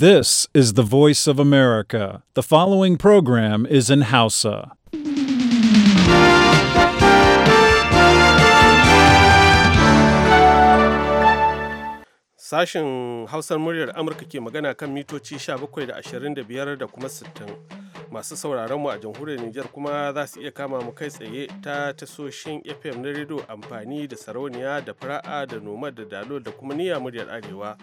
This is the voice of America. The following program is in Hausa. Sashen Hausar muryar Amurka ke magana kan mitoci 17 da 25 da kuma 60. masu sauraron mu a jamhuriyar Nijar kuma za su iya kama mu kai tsaye ta tasoshin FM na rediyo amfani da sarauniya da fara'a da noma da dalo da kuma niyya muryar arewa.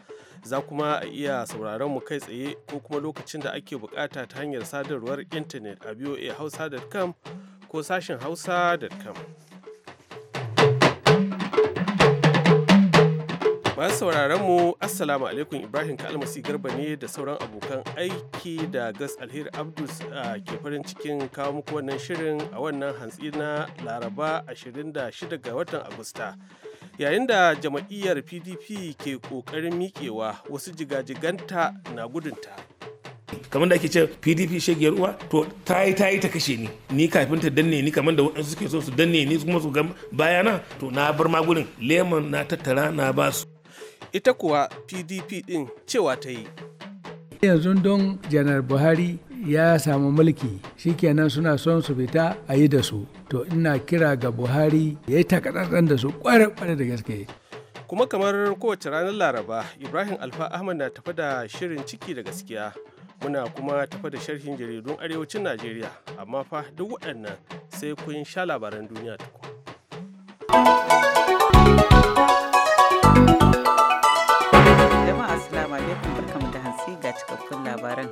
Za kuma a iya sauraron mu kai tsaye ko kuma lokacin da ake bukata ta hanyar sadarwar intanet a voahausa.com ko sashin hausa.com. Masu sauraron mu Assalamu alaikum Ibrahim Kalmasi Garba ne da sauran abokan aiki da Gas Alheri Abdus ke farin cikin kawo muku wannan shirin a wannan hantsi na Laraba 26 ga watan Agusta. Yayin da jama'iyyar PDP ke ƙoƙarin miƙewa wasu jigajiganta na gudunta. kamar da ake ce pdp shagiyar uwa to ta yi ta yi ta kashe ni ni kafin ta danne ni kamar da waɗansu suke so su danne ni kuma su ga bayana to na bar magunin lemon na tattara na ba su ita kuwa pdp din cewa ta yi yanzu don janar buhari ya samu mulki shikenan suna son su fita a yi da su to ina kira ga buhari ya yi takaɗaɗɗen da su kware-kware da gaske kuma kamar kowace ranar laraba ibrahim alfa ahmad na tafa da shirin ciki da gaskiya muna kuma tafa da sharhin jaridun arewacin najeriya amma fa duk waɗannan sai kun sha labaran duniya tukun. cikakkun labaran.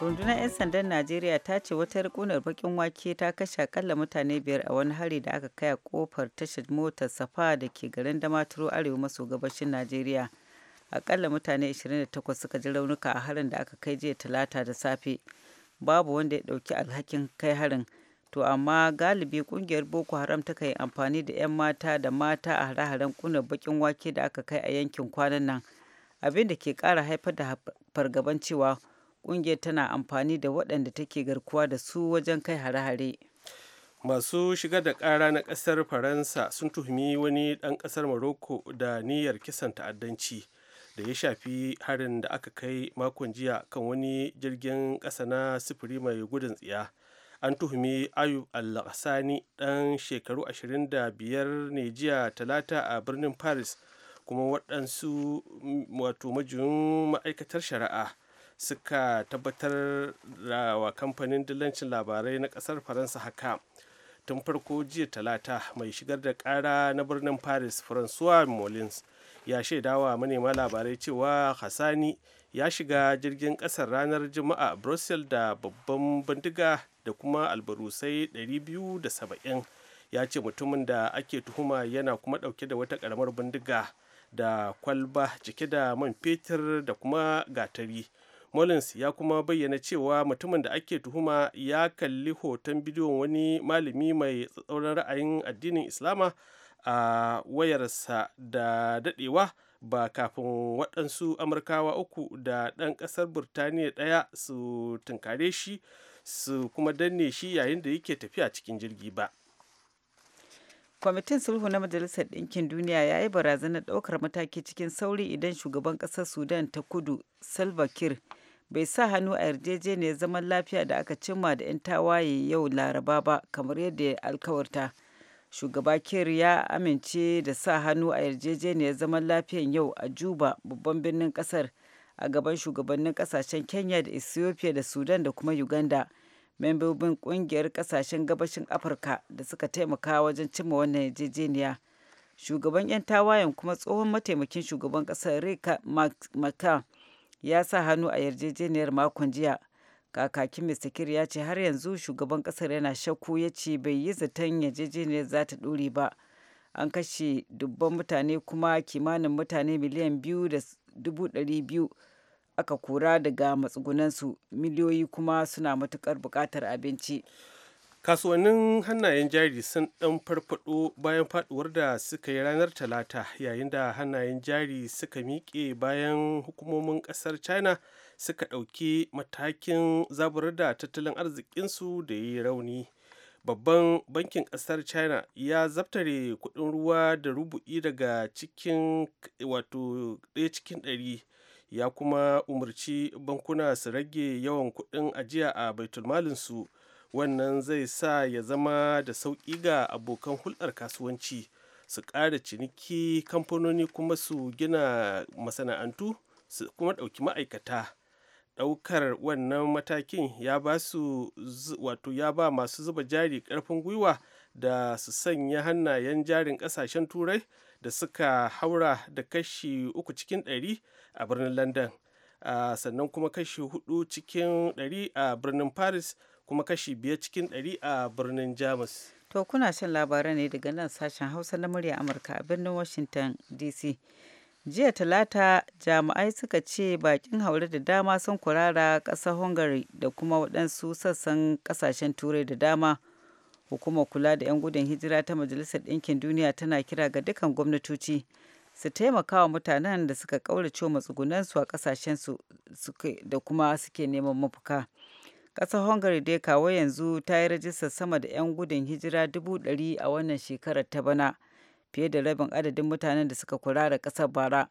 Rundunar 'yan sandan Najeriya ta ce wata rikunar bakin wake ta kashe akalla mutane biyar a wani hari da aka kai a kofar tashar motar safa da ke garin Damaturu Arewa maso gabashin Najeriya. Akalla mutane 28 suka ji raunuka a harin da aka kai jiya talata da safe. Babu wanda ya dauki alhakin kai harin. to amma galibi kungiyar boko haram ta yi amfani da 'yan mata da mata a hare-haren kunar bakin wake da aka kai a yankin kwanan nan abin da ke kara haifar da fargaban cewa kungiyar tana amfani da waɗanda take garkuwa da su wajen kai hare-hare masu shigar da ƙara na ƙasar faransa sun tuhumi wani ɗan ƙasar morocco da niyyar kisan ta'addanci da ya shafi harin da aka kai makon jiya kan wani jirgin ƙasa na sifiri mai gudun tsiya an tuhumi ayub al-asani ɗan shekaru 25 ne jiya talata a birnin paris kuma waɗansu mm, wato majiyun ma'aikatar shari'a suka tabbatar da wa kamfanin dillancin labarai na ƙasar faransa haka tun farko jiya talata mai shigar da ƙara na birnin paris francois molins ya shaidawa manema labarai cewa hasani ya shiga jirgin ƙasar ranar juma'a brussels da babban bindiga da kuma albarusai 270 ya ce mutumin da ake tuhuma yana kuma ɗauke da wata ƙaramar bindiga da kwalba cike da man fetur da kuma gatari mullins ya kuma bayyana cewa mutumin da ake tuhuma ya kalli hoton bidiyon wani malami mai tsatsauran ra'ayin addinin islama a wayarsa da dadewa ba kafin waɗansu amurkawa uku da ɗan ƙasar burtaniya ɗaya su tunkare shi su kuma danne shi yayin da yake tafiya cikin jirgi ba kwamitin sulhu na majalisar ɗinkin duniya ya yi barazanar ɗaukar mataki cikin sauri idan shugaban ƙasar sudan ta kudu salva kiir bai sa hannu a yarjejeniyar zaman lafiya da aka cimma da 'yan tawaye yau laraba ba kamar yadda ya alkawarta shugaba kiir ya amince da sa hannu a yarjejeniyar zaman lafiyan yau a juba babban birnin ƙasar a gaban shugabannin ƙasashen kenya da ethiopia da sudan da kuma uganda membobin kungiyar kasashen gabashin afirka da suka taimaka wajen cimma wannan yarjejeniya shugaban 'yan tawayen kuma tsohon mataimakin shugaban kasar rika maka ya sa hannu a yarjejeniyar makon jiya kakakin mr kir ya ce har yanzu shugaban kasar yana shakku ya ce bai yi zaton yarjejeniyar za ta dore ba an kashe dubban mutane kuma kimanin mutane miliyan biyu da dubu ɗari biyu aka kura daga matsugunansu miliyoyi kuma suna matukar buƙatar abinci kasuwannin hannayen jari sun ɗan farfado bayan faduwar da suka yi ranar talata yayin da hannayen jari suka miƙe bayan hukumomin ƙasar china suka ɗauki matakin zaburar da tattalin arzikinsu da ya yi rauni babban bankin ƙasar china ya zabtare kuɗin ruwa da rubu'i daga cikin wato ɗaya cikin ɗari ya kuma umarci bankuna su rage yawan kuɗin ajiya a baitulmalinsu wannan zai sa ya zama da sauƙi ga abokan hulɗar kasuwanci su ƙara ciniki kamfanoni kuma su gina masana'antu su kuma ɗauki ma'aikata ɗaukar wannan matakin ya ba su wato ya ba masu zuba jari ƙarfin gwiwa da su sanya hannayen jarin ƙasashen turai da suka haura da kashi uku cikin ɗari a birnin london sannan kuma kashi hudu cikin ɗari a birnin paris kuma kashi biyar cikin ɗari a birnin jamus to kuna shan labarai ne daga nan sashen hausa na murya amurka a birnin washington dc jiya talata jami'ai suka ce bakin haure da dama sun kurara ƙasar hungary da kuma waɗansu sassan ƙasashen turai da dama hukumar kula da 'yan gudun hijira ta majalisar ɗinkin duniya tana kira ga dukkan gwamnatoci su taimaka wa mutanen da suka ƙaurace matsugunansu a ƙasashensu da kuma suke neman mafuka ƙasar hungary dai kawo yanzu ta yi rajistar sama da 'yan gudun hijira dubu ɗari a wannan shekarar ta bana fiye da rabin adadin mutanen da suka kula da ƙasar bara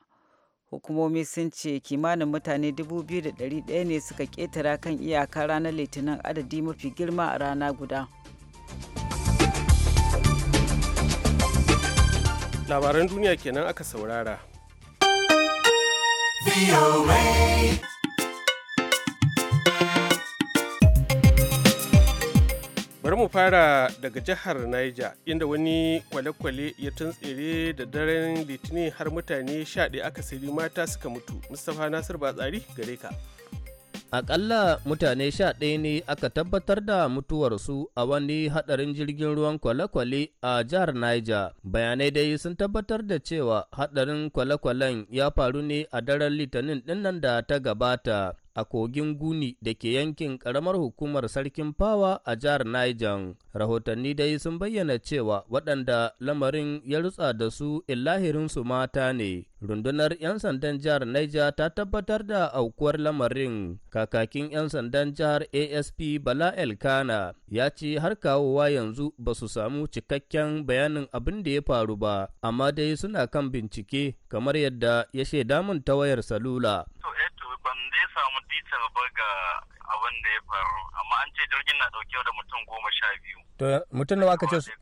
hukumomi sun ce kimanin mutane da ɗari ɗaya ne suka ƙetara kan iyaka ranar litinin adadi mafi girma a rana guda. labaran duniya kenan aka saurara bari mu fara daga jihar niger inda wani kwalekwale kwale ya tuntsere da daren litinin har mutane 11 aka sayi mata suka mutu mustapha nasir batsari gare ka Aƙalla mutane sha ɗaya ne aka tabbatar da mutuwarsu a wani haɗarin jirgin ruwan kwale-kwale a jihar Niger. Bayanai dai sun tabbatar da cewa haɗarin kwale-kwalen ya faru ne a daren Litinin ɗinnan da ta gabata. a kogin Guni da ke yankin karamar hukumar Sarkin Fawa a jihar Niger. Rahotanni dai sun bayyana cewa waɗanda lamarin ya rutsa da su illahirinsu mata ne. Rundunar 'yan sandan jihar Niger ta tabbatar da aukuwar lamarin. Kakakin 'yan sandan jihar ASP Bala Elkana ya ce har kawowa yanzu ba su samu cikakken bayanin abin da ya faru ba, amma dai suna kan bincike kamar yadda ya shaida mun ta wayar salula. ban dai samu titar ba ga abin da ya faru amma an ce jirgin na dauke da mutum goma sha biyu to mutum nawa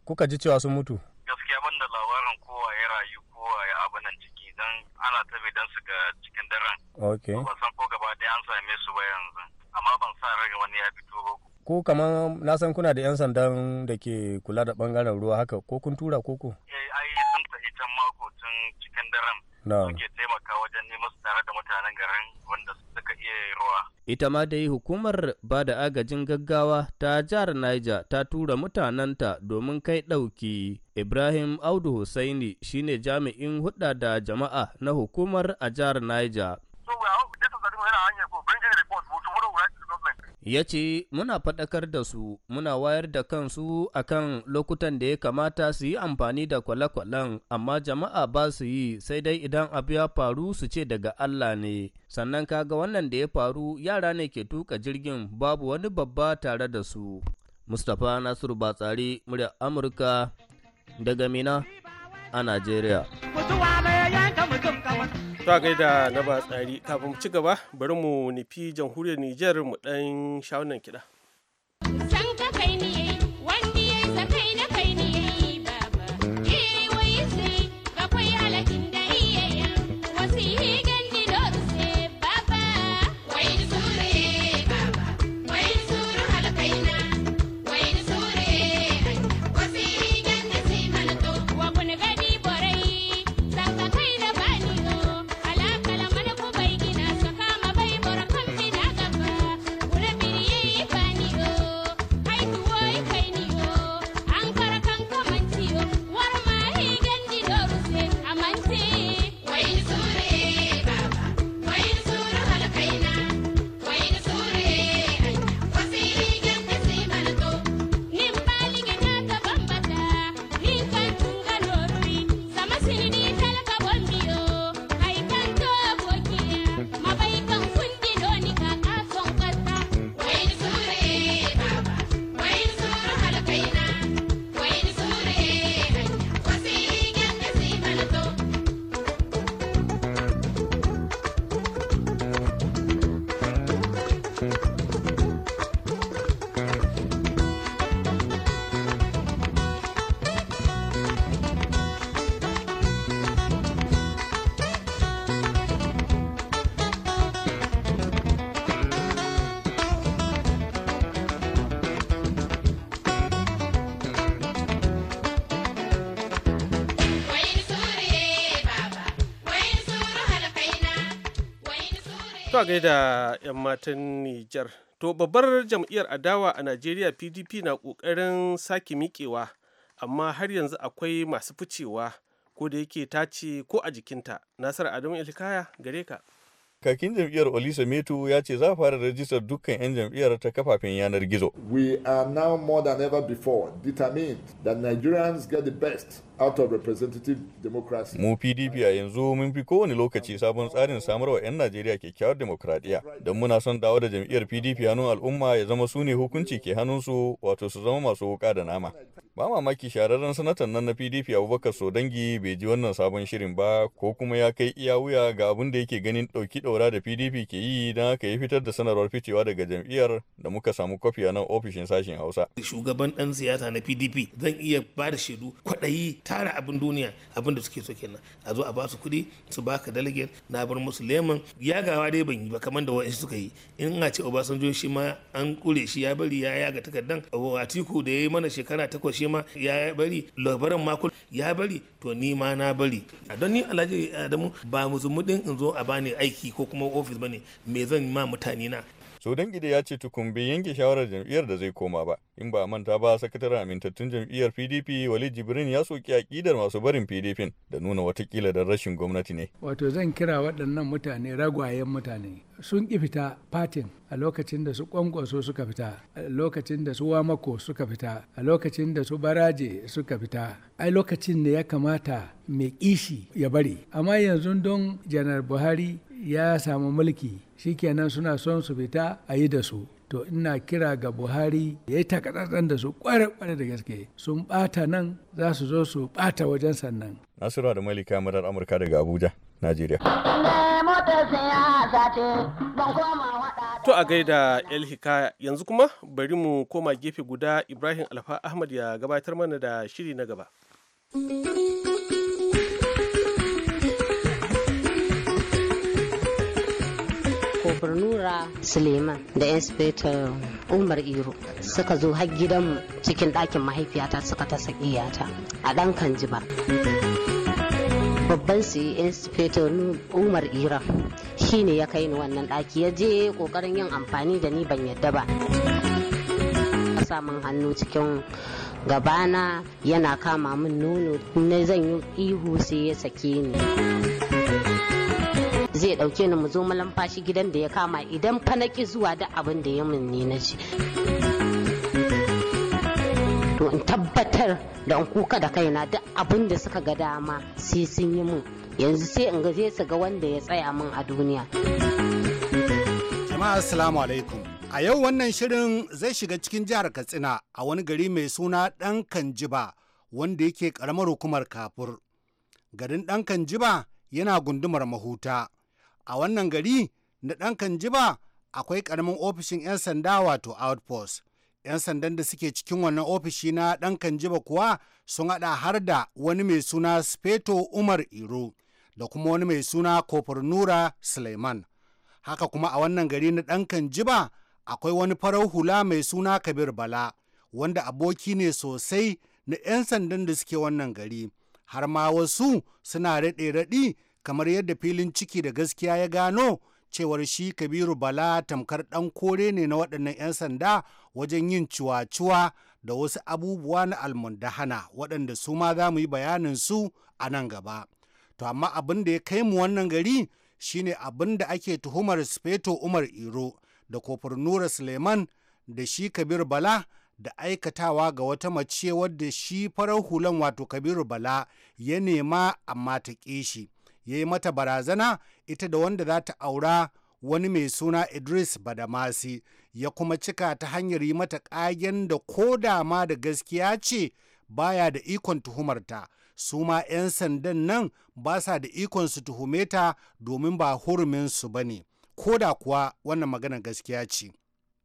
kuka ji cewa sun mutu gaskiya ban da labarin kowa ya rayu kowa ya abinan ciki don ana ta dan su ga cikin daren ok ba san ko gaba ɗaya an same su ba yanzu amma ban sa raga wani ya fito ba ko kaman na san kuna da yan sandan da ke kula da bangaren ruwa haka ko kun tura ko ko eh ai sun tafi can mako tun cikin daren muke taimaka wajen neman su tare da mutanen garin wanda suka iya ruwa. Ita ma dai hukumar ba da agajin gaggawa ta jihar Niger ta tura mutanenta domin kai ɗauki. Ibrahim Audu Husaini ne jami'in hudda da jama'a na hukumar a jihar Niger. ya ce muna faɗakar da su muna wayar da kansu a kan lokutan da ya kamata su yi amfani da kwale-kwalen amma jama'a ba su yi sai dai idan abu ya faru su ce daga Allah ne sannan kaga wannan da ya faru yara ne ke tuka jirgin babu wani babba tare da su mustapha nasiru batsari murya amurka daga mina a najeriya ta gaida na ba tsari kafin mu ci gaba bari mu nufi jamhuriyar Nijar mu ɗan shawunan kiɗa. To gaida 'yan matan Nijar. To babbar jam'iyyar adawa a Najeriya PDP na ƙoƙarin sake miƙewa, amma har yanzu akwai masu ficewa ko da yake ta ce ko a jikinta. Nasar Adamu Ilkaya gare ka. Kakin jam'iyyar Olisa Metu ya ce za fara rajistar dukkan 'yan jam'iyyar ta kafafen yanar gizo. We are now more than ever before determined that Nigerians get the best out of representative democracy. Mu PDP a yanzu mun fi kowane lokaci sabon tsarin samarwa 'yan Najeriya kyakkyawar demokradiyya don muna son dawo da jam'iyyar PDP hannun al'umma ya zama su ne hukunci ke hannunsu wato su zama masu wuka da nama. Ba mamaki shahararren sanatan nan na PDP Abubakar Sodangi bai ji wannan sabon shirin ba ko kuma ya kai iya wuya ga abin da yake ganin ɗauki ɗaura da PDP ke yi don aka yi fitar da sanarwar ficewa daga jam'iyyar da muka samu kwafi a nan ofishin sashen Hausa. Shugaban ɗan siyasa na PDP zan iya ba da shaidu kwaɗayi tara abin duniya abin da suke so kenan a zo a ba su kuɗi su baka delegate na bar musu lemon yagawa dai ban yi ba kamar da wa'ansu suka yi in a ce obasanjo shi ma an kure shi ya bari ya yaga takardan atiku da ya yi mana shekara takwas shi ma ya bari labaran makul ya bari to ni ma na bari a don ni alhaji adamu ba muzumudin in zo a bani aiki ko kuma ofis bane me zan ma mutane na gida ya ce tukun bai yanke shawarar jam'iyyar da zai koma ba. In ba a manta ba sakataren amintattun jam'iyyar PDP wali Jibrin ya soki aƙidar masu barin PDP da nuna watakila da rashin gwamnati ne. Wato zan kira waɗannan mutane ragwayen mutane sun ƙi fita fatin a lokacin da su kwankwaso suka fita a lokacin da su wamako suka fita a lokacin da su baraje suka fita ai lokacin da ya kamata mai kishi ya bari amma yanzu don janar buhari ya samu mulki shikenan suna son su fita a yi da su to ina kira ga buhari ya yi takatsantsan da su kware-kware da gaske sun bata nan za su zo su bata wajen sannan nasiru da malika murar amurka daga abuja najeriya to a gaida el hikaya yanzu kuma bari mu koma gefe guda ibrahim alfa ahmad ya gabatar mana da shiri na gaba nura Suleiman da Inspector Umar Iro suka zo har gidanmu cikin ɗakin mahaifiyata suka ta sakiyata a ɗan Kanjiba. babban su inspector umar Iro shi ne ya kai ni wannan ɗaki ya je ƙoƙarin yin amfani da ni ban yadda ba samun hannu cikin gabana yana kama min nono na zan yi ihu sai ya sake ni zai dauke ni mu zo malamfashi gidan da ya kama idan fa na zuwa da abin da ya min na ji to in tabbatar da in kuka da kaina duk abin da suka ga dama sai sun yi min yanzu sai in zai su ga wanda ya tsaya mun a duniya jama'a assalamu alaikum a yau wannan shirin zai shiga cikin jihar katsina a wani gari mai suna dan kanjiba wanda yake karamar hukumar kafur garin dan kanjiba yana gundumar mahuta a wannan gari da ɗan ba akwai ƙaramin ofishin 'yan sanda wato outpost 'yan sandan da suke cikin wannan ofishi na ɗan jiba kuwa sun haɗa har da wani mai suna speto umar iro da kuma wani mai suna kofar nura suleiman haka kuma a wannan gari na ɗan jiba akwai wani farar hula mai suna kabir bala wanda aboki ne sosai na 'yan sandan da suke wannan gari har ma wasu suna raɗe-raɗi kamar yadda filin ciki da gaskiya ya gano cewar shi kabiru bala tamkar dan kore ne na waɗannan 'yan sanda wajen yin ciwa-ciwa da wasu abubuwa na almundahana waɗanda su ma za mu yi bayanin su a nan gaba to amma abin da ya kai mu wannan gari shine abin da ake tuhumar speto umar iro da kofar nura suleiman da shi kabir bala da aikatawa ga wata mace wadda shi farar hulan wato kabiru bala ya nema amma ta ƙi shi ya yi mata barazana ita da wanda za ta aura wani mai suna Idris Badamasi ya kuma cika ta hanyar yi mata ƙagen da ko da ma da gaskiya ce baya da ikon tuhumarta. su ma 'yan sandan nan ba sa da ikon su tuhume ta domin ba huruminsu ba ne, ko da kuwa wannan magana gaskiya ce.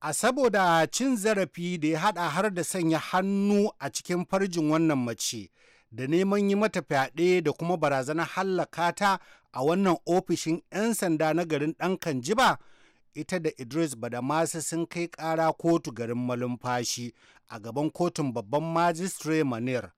A saboda cin zarafi da ya hada har da sanya hannu a cikin farjin wannan mace, da neman yi mata fyaɗe da kuma barazanar hallaka ta a wannan ofishin 'yan sanda na garin ɗan jiba ita da idris masu sun kai ƙara kotu garin malumfashi a gaban kotun babban majistire manir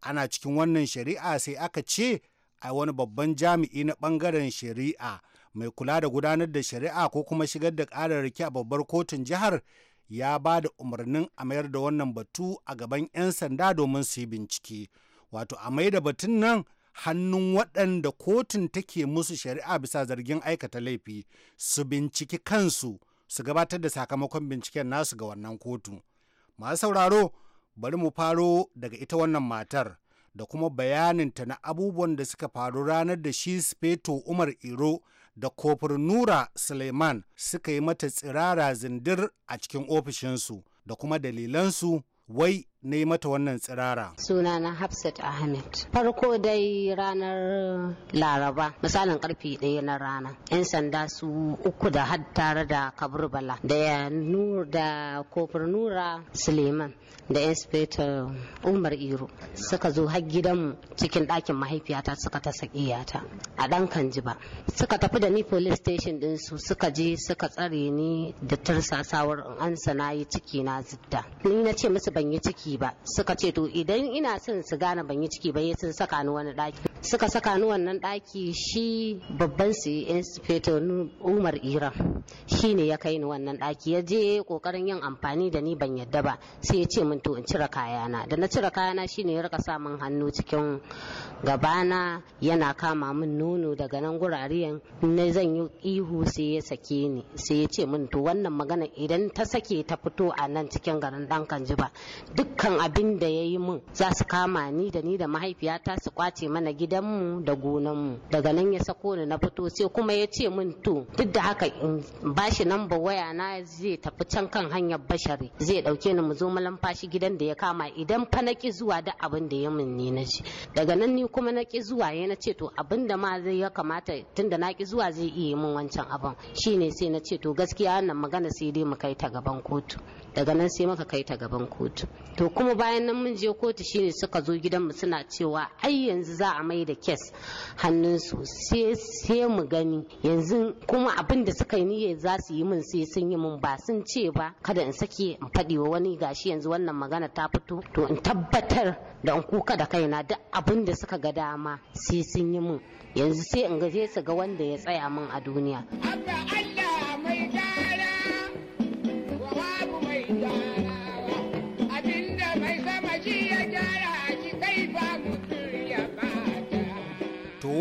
ana cikin wannan shari'a sai aka ce a wani babban jami'i na ɓangaren shari'a mai kula da gudanar da shari'a ko kuma shigar da ƙararraki a babbar kotun jihar ya ba da umarnin a mayar da wannan batu a gaban 'yan sanda domin su yi bincike. wato a maida da batun nan hannun waɗanda kotun take musu shari'a bisa zargin aikata laifi su binciki kansu su gabatar da sakamakon binciken nasu ga wannan kotu masu sauraro bari mu faro daga ita wannan matar da kuma bayaninta na abubuwan da suka faru ranar da shi speto umar iro da kofar nura suleiman suka yi mata tsirara zindir a cikin ofishinsu da kuma dalilansu wai na yi mata wannan tsirara. Suna na Hafsat Ahmed. Farko dai ranar Laraba, misalin karfe ɗaya na rana, 'yan sanda su uku da har tare da Kabirbala da ya nura da kofar Nura Suleiman da inspector umar iro suka zo har gidanmu cikin ɗakin mahaifiyata suka ta sakiyata a ɗan kanji ba suka tafi da ni police station din su suka je suka tsare ni da tursasawar in ansa na yi ciki na zidda ni na ce musu ban yi ciki ba suka ce to idan ina son su gane ban yi ciki ba ya sun saka ni wani ɗaki suka saka ni wannan daki shi babban su inspector umar iran shi ne ya kai ni wannan ɗaki ya je kokarin yin amfani da ni ban yadda ba sai ya ce min in cire kayana da na cire kayana shine ya rika samun hannu cikin gabana yana kama min nono daga nan gurariyan na zan yi ihu sai ya sake ni sai ya ce min to wannan magana idan ta sake ta fito a nan cikin garin dan kan kanjiba dukkan abin da ya yi min za su kama ni da ni da mahaifiyata su kwace mana gidan mu da gonan mu daga nan ya sako ni na fito sai kuma ya ce min to duk da haka in bashi namba waya na zai tafi can kan hanyar bashari zai dauke ni mu zo mu lamfashi shi gidan da ya kama idan fa na ki zuwa da abin da ya min ne na ji daga nan ni kuma na ki zuwa ya na ce to abin da ma zai ya kamata tunda na ki zuwa zai iya min wancan abin shi ne sai na ce to gaskiya wannan magana sai dai mu kai ta gaban kotu daga nan sai maka kai ta gaban kotu to kuma bayan nan mun je kotu shine suka zo gidanmu suna cewa ai yanzu za a mai da kes su sai mu gani yanzu kuma abin da suka yi niyya za su yi mun sai sun yi mun. ba sun ce ba kada in sake in faɗi wa wani gashi yanzu wannan magana ta fito to in tabbatar da in kuka da kaina duk abin da suka ga dama sai sun yi mun. yanzu sai in ga su ga wanda ya tsaya mun a duniya.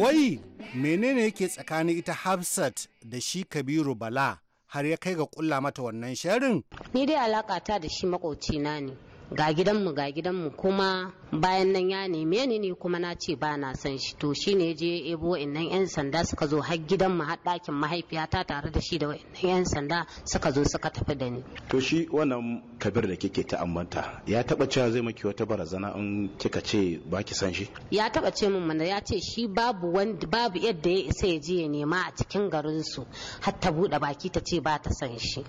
wai menene yake tsakanin ita hafsat da shi kabiru bala har ya kai ga kulla mata wannan sharin ni dai ta da shi na ne ga gidanmu ga gidanmu kuma bayan nan ya neme ni ne kuma na ce ba na san shi to ne je ebo innan yan sanda suka zo har gidan mu har ɗakin mahaifiyata tare da shi da wayannan yan sanda suka zo suka tafi da ni to shi wannan kabir da kike ta ambanta ya taba cewa zai maki wata barazana in kika ce ba ki san shi ya taba ce min mana ya ce shi babu wanda babu yadda ya isa ya je ya nema a cikin garin su har ta bude baki ta ce ba ta san shi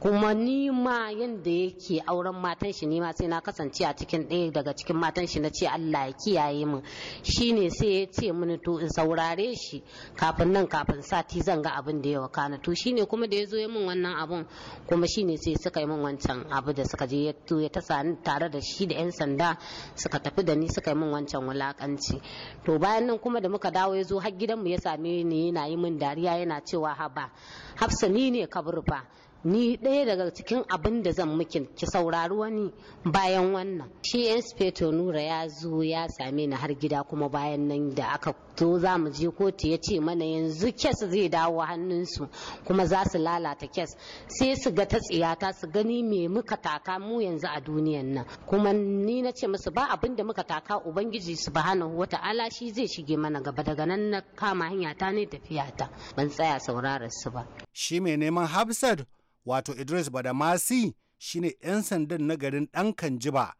kuma ni ma yanda yake auren matan shi ni ma sai na kasance a cikin ɗaya daga cikin matan sunan shi na ce Allah ya kiyaye min shine sai ya ce mini to in saurare shi kafin nan kafin sati zan ga abin da ya wakana to shine kuma da ya zo ya min wannan abun kuma shine sai suka yi min wancan abu da suka je ya tasa tare da shi da yan sanda suka tafi da ni suka yi min wancan wulakanci to bayan nan kuma da muka dawo ya zo har mu ya same ni yana yi min dariya yana cewa haba hafsa ni ne ka burfa ni ɗaya daga cikin abin da zan miki ki saurari wani bayan wannan shi inspector nura ya zo ya same ni har gida kuma bayan nan da aka zo za mu je kotu ya ce mana yanzu kes zai dawo hannunsu kuma za su lalata kes sai su ga ta tsiyata su gani me muka taka mu yanzu a duniyan nan kuma ni na ce musu ba abin da muka taka ubangiji su wata ala shi zai shige mana gaba daga nan na kama hanya ta ne tafiya ta ban tsaya saurarar su ba shi mai neman hafsat wato Idris Badamasi shine 'yan sandan na garin ɗan Kanjiba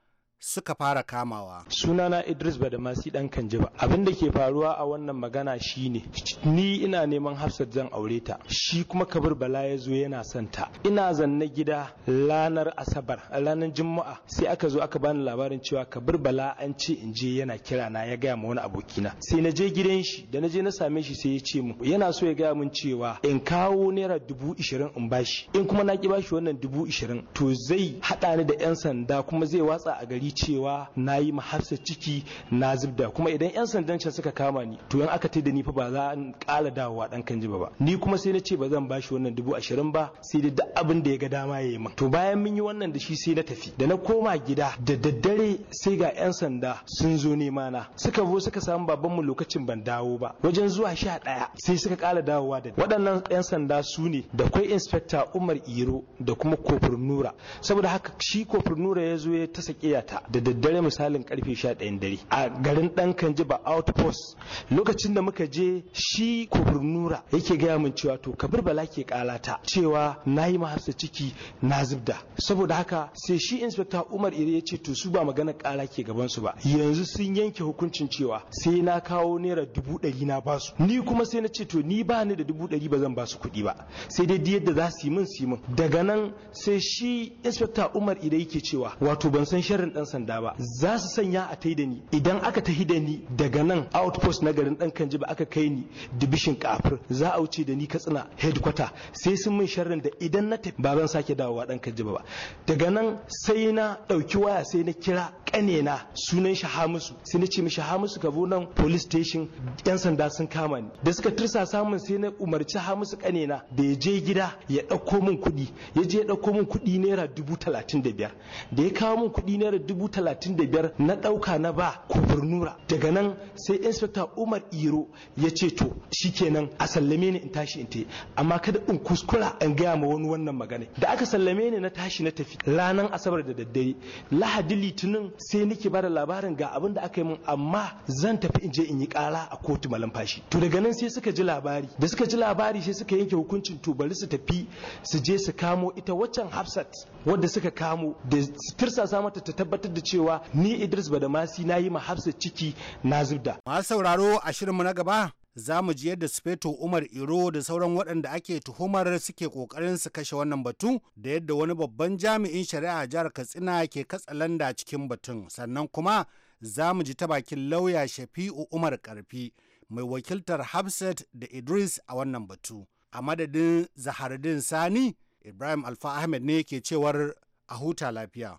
suka fara kamawa. Sunana Idris Badamasi dan Kanjiba. Abin da ke faruwa a wannan magana shine ni ina neman Hafsat zan aure ta. Shi kuma Kabir Bala ya zo yana son ta. Ina zanne gida lanar Asabar, a ranar Juma'a sai aka zo aka bani labarin cewa Kabir Bala an ce in je yana kira na ya gaya ma wani abokina. Sai na je gidan shi da na je na same shi sai ya ce mu yana so ya gaya min cewa in kawo naira dubu ishirin in bashi in kuma na ki bashi wannan dubu ishirin to zai haɗa ni da 'yan sanda kuma zai watsa a gari cewa na yi mahafsa ciki na zubda kuma idan 'yan sandan can suka kama ni to yan aka da ni fa ba za a kala dawowa dan kan jiba ba ni kuma sai na ce ba zan bashi wannan dubu ashirin ba sai da duk abin da ya ga dama ya yi min to bayan mun yi wannan da shi sai na tafi da na koma gida da daddare sai ga 'yan sanda sun zo nema na suka zo suka samu mu lokacin ban dawo ba wajen zuwa sha ɗaya sai suka kala dawowa da waɗannan 'yan sanda su ne da kwai inspector umar iro da kuma kofur nura saboda haka shi kofur nura ya zo ya ta sakiya ta ta da daddare misalin karfe 11 dare a garin dan ba outpost lokacin da muka je shi kuburnura yake gaya mun cewa to kabir bala ke kalata cewa na yi mahafsa ciki na zubda saboda haka sai shi inspector umar ire ya ce to su ba magana kala ke gaban su ba yanzu sun yanke hukuncin cewa sai na kawo naira dubu ɗari na basu ni kuma sai na ce to ni ba ni da dubu ɗari ba zan basu kuɗi ba sai dai yadda za su yi min su yi min daga nan sai shi inspector umar ire yake cewa wato ban san sharrin dan ɗan sanda ba za su sanya a tai da ni idan aka ta da ni daga nan outpost na garin ɗan kanji ba aka kai ni dibishin kafir za a wuce da ni katsina headquarter sai sun min sharrin da idan na tafi ba zan sake dawowa ɗan kanji ba daga nan sai na ɗauki waya sai na kira kanena sunan shi Hamisu sai na ce mishi Hamisu ka zo nan police station yan sanda sun kama ni da suka tursa samun sai na umarci Hamisu kanena da ya je gida ya ɗauko min kuɗi ya je ya ɗauko min kuɗi naira dubu talatin da biyar da ya kawo min kuɗi naira dubu talatin da biyar na ɗauka na ba kuburnura daga nan sai inspector Umar Iro ya ce to shikenan a sallame ni in tashi in amma kada in kuskura in gaya ma wani wannan magana da aka sallame ni na tashi na tafi ranar asabar da daddare lahadi litinin sai nake bada labarin ga abin da aka yi min amma zan tafi in je in yi kara a kotu malamfashi to daga nan sai suka ji labari da suka ji labari sai suka yanke hukuncin to bari su tafi su je su kamo ita waccan Hafsat wadda suka kamo da tirsasa mata ta tabbatar da cewa ni Idris Badamasi na yi ma Hafsat ciki na zubda masu sauraro a mu na gaba za mu ji yadda Sufeto Umar Iro da sauran waɗanda ake tuhumar suke ƙoƙarin su kashe wannan batu da yadda wani babban jami'in shari'a jihar Katsina ke katsalanda cikin batun. Sannan kuma za mu ji ta bakin lauya Shafi'u Umar Karfi mai wakiltar Hafsat da Idris a wannan batu. A madadin Zahardin Sani, Ibrahim Alfa Ahmed ne ke cewar a huta lafiya.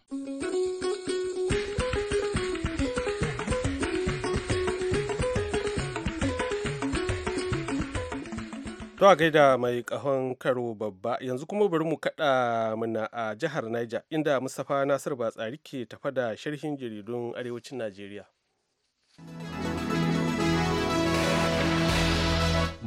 To a gaida mai kahon karo babba yanzu kuma bari mu kaɗa muna a jihar Niger inda mustafa Nasir Batsari ke tafa da sharhin jaridun arewacin Najeriya.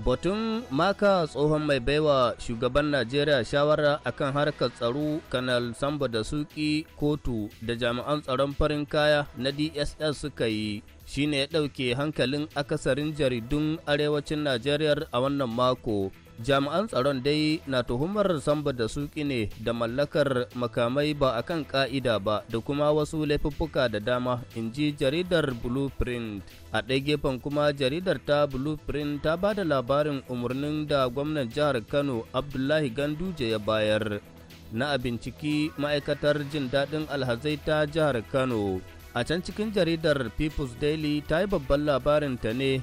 Batun maka tsohon mai baiwa shugaban Najeriya shawara akan harkar tsaro kanal samba da suki kotu da jami'an tsaron farin kaya na DSS suka yi shine ya ɗauke hankalin akasarin jaridun arewacin Najeriya a wannan mako. Jami'an tsaron dai na tuhumar samba da suki ne da mallakar makamai ba a kan ƙa'ida ba da kuma wasu laifuffuka da dama, in ji jaridar Blueprint. A ɗaya gefen kuma jaridar ta Blueprint ta ba da labarin umarnin da gwamnan jihar Kano Abdullahi Ganduje ya bayar. Na a binciki ma'aikatar jin daɗin alhazai ta jihar Kano. a can cikin jaridar people's daily ta yi babban labarin ta ne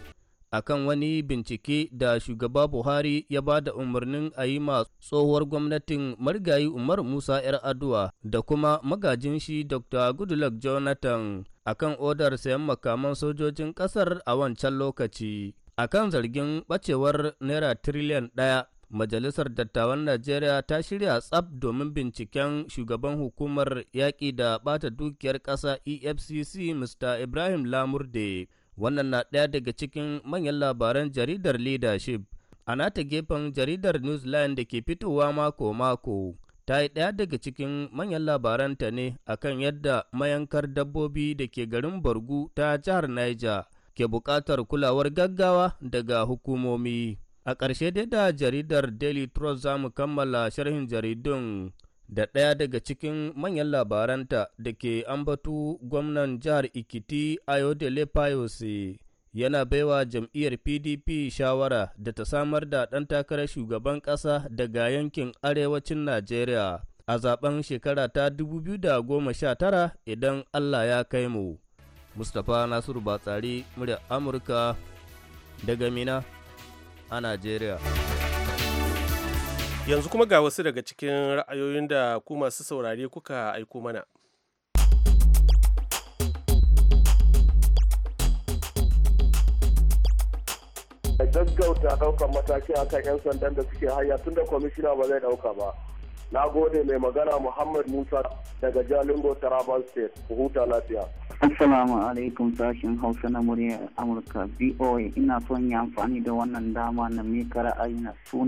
akan wani bincike da shugaba buhari ya ba da umarnin a yi ma tsohuwar gwamnatin marigayi umar musa yar aduwa da kuma magajin shi dr goodluck jonathan akan odar sayan makaman sojojin kasar a wancan lokaci akan zargin bacewar naira tiriliyan ɗaya Majalisar Dattawan Najeriya ta shirya tsaf domin binciken shugaban hukumar yaƙi da ɓata dukiyar ƙasa EFCC Mr. Ibrahim Lamurde. Wannan na ɗaya daga cikin manyan labaran jaridar leadership. A nata gefen jaridar Newsline da ke fitowa mako-mako. ta yi ɗaya daga cikin manyan labaranta ne a kan yadda mayankar dabbobi da ke garin Bargu ta jihar Niger ke buƙatar kulawar gaggawa daga hukumomi. A ƙarshe dai da jaridar Daily Trust za mu kammala sharhin jaridun da ɗaya daga cikin manyan labaranta da ke ambatu gwamnan jihar Ikiti Ayodele Payose yana baiwa jam'iyyar PDP shawara da ta samar da ɗan takarar shugaban ƙasa daga yankin arewacin Najeriya a zaben shekara ta 2019 idan Allah ya kai mu. Mustapha Nasiru Batsari, murya Amurka daga Mina. a Najeriya. Yanzu kuma ga wasu daga cikin ra'ayoyin da ku masu saurare kuka aiko mana. gaggauta ɗaukar mataki akan 'yan sandan da suke haya tunda kwamishina ba zai ɗauka ba. Na gode mai magana Muhammad Musa daga Jalingo Taraban State, huta lafiya. Assalamu alaikum sashen Hausa na muryar Amurka VOA ina son yi amfani da wannan dama na mika ra'ayi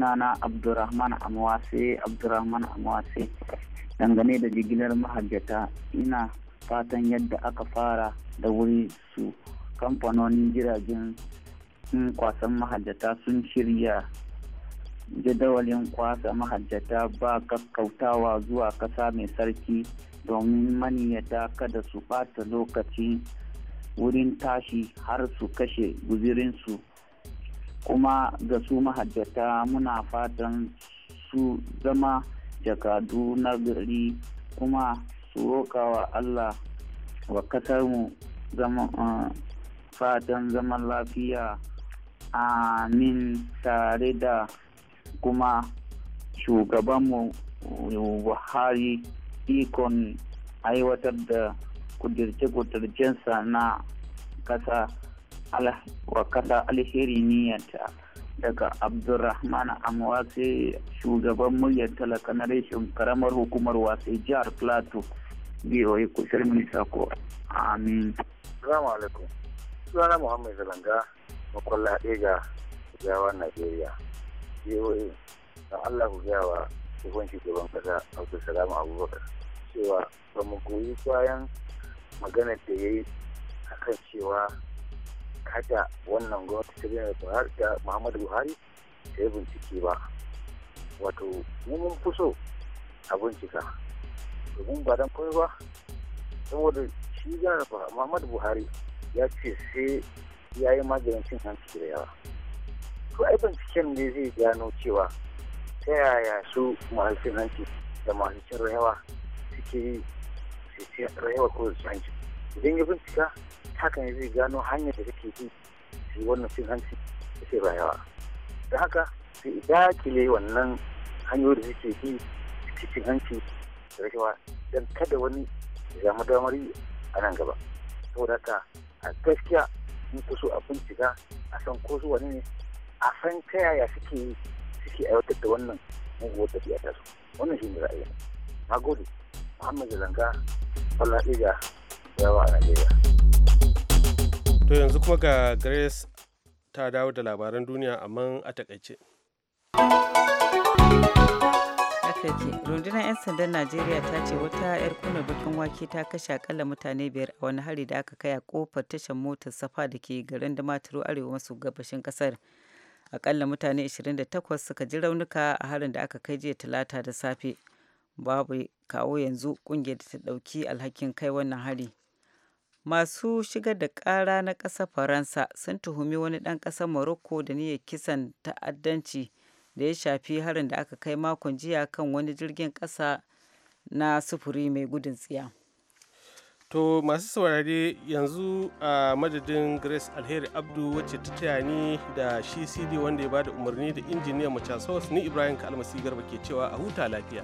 na Abdurrahman Amwase Abdurrahman Amwase dangane da jigilar mahajjata ina fatan yadda aka fara da wuri su kamfanonin jiragen kwasan mahajjata sun shirya jadawalin kwasa mahajjata ba kakkautawa zuwa kasa mai sarki domin daka kada su ɓata lokaci wurin tashi har su kashe guzirinsu kuma ga su mahajjata muna fatan su zama jakadu na gari kuma su roƙa wa allah wa ƙasarmu fatan zaman lafiya amin tare da kuma shugabanmu buhari ikon aiwatar da kudirce-kudircensa na kasa wa kasa alheri niyyata daga abdulrahman amwase shugaban muryar talaka na reshen karamar hukumar wasai jihar plateau biyoyi kusur minista ko amin salamu alaikum suna muhammad zalanga makwalla ga jawa nigeria biyoyi don allah ku gaya wa tsohon shugaban kasa salamu abubakar cewa ba mu goyi bayan magana da ya yi a kan cewa kada wannan gwamnati ta gina buhari da muhammadu buhari ta yi bincike ba wato mun fi a bincika domin ba dan kawai ba saboda shi ba muhammadu buhari ya ce sai ya yi maganin cin hanci da yawa to ai binciken ne zai gano cewa ta yaya su masu hanci da masu cin suke yi su ce rayuwa ko su hanci idan ya bincika haka ne zai gano hanyar da suke bi su yi wannan cin hanci da ke rayuwa, da haka su dakile wannan hanyoyi da suke bi su cin hanci da rayuwa don kada wani ya zama damari a nan gaba saboda haka a gaskiya in ku so a bincika a san ko su wani ne a san ta yaya suke yi suke aiwatar da wannan muguwar tafiya ta su wannan shi ne ra'ayi na gode muhammadu zanga kwallon ɗiga yawa a najeriya to yanzu kuma ga grace ta dawo da labaran duniya amma a takaice rundunar 'yan sandan najeriya ta ce wata 'yar kuna bakin wake ta kashe akalla mutane biyar a wani hari da aka kai a kofar tashar motar safa da ke garin damaturu arewa maso gabashin kasar akalla mutane 28 suka ji raunuka a harin da aka kai jiya talata da safe babu kawo yanzu kungiyar da ta ɗauki alhakin kai wannan hari masu shigar da kara na ƙasar faransa sun tuhumi wani ɗan ƙasar morocco da niyyar kisan ta'addanci da ya shafi harin da aka kai makon jiya kan wani jirgin ƙasa na sufuri mai gudun tsiya To masu saurare yanzu a madadin Grace Alheri Abdu wacce ta taya ni da shi CD wanda ya bada umarni da injiniyan mu ni Ibrahim Kalmasi Garba ke cewa a huta lafiya.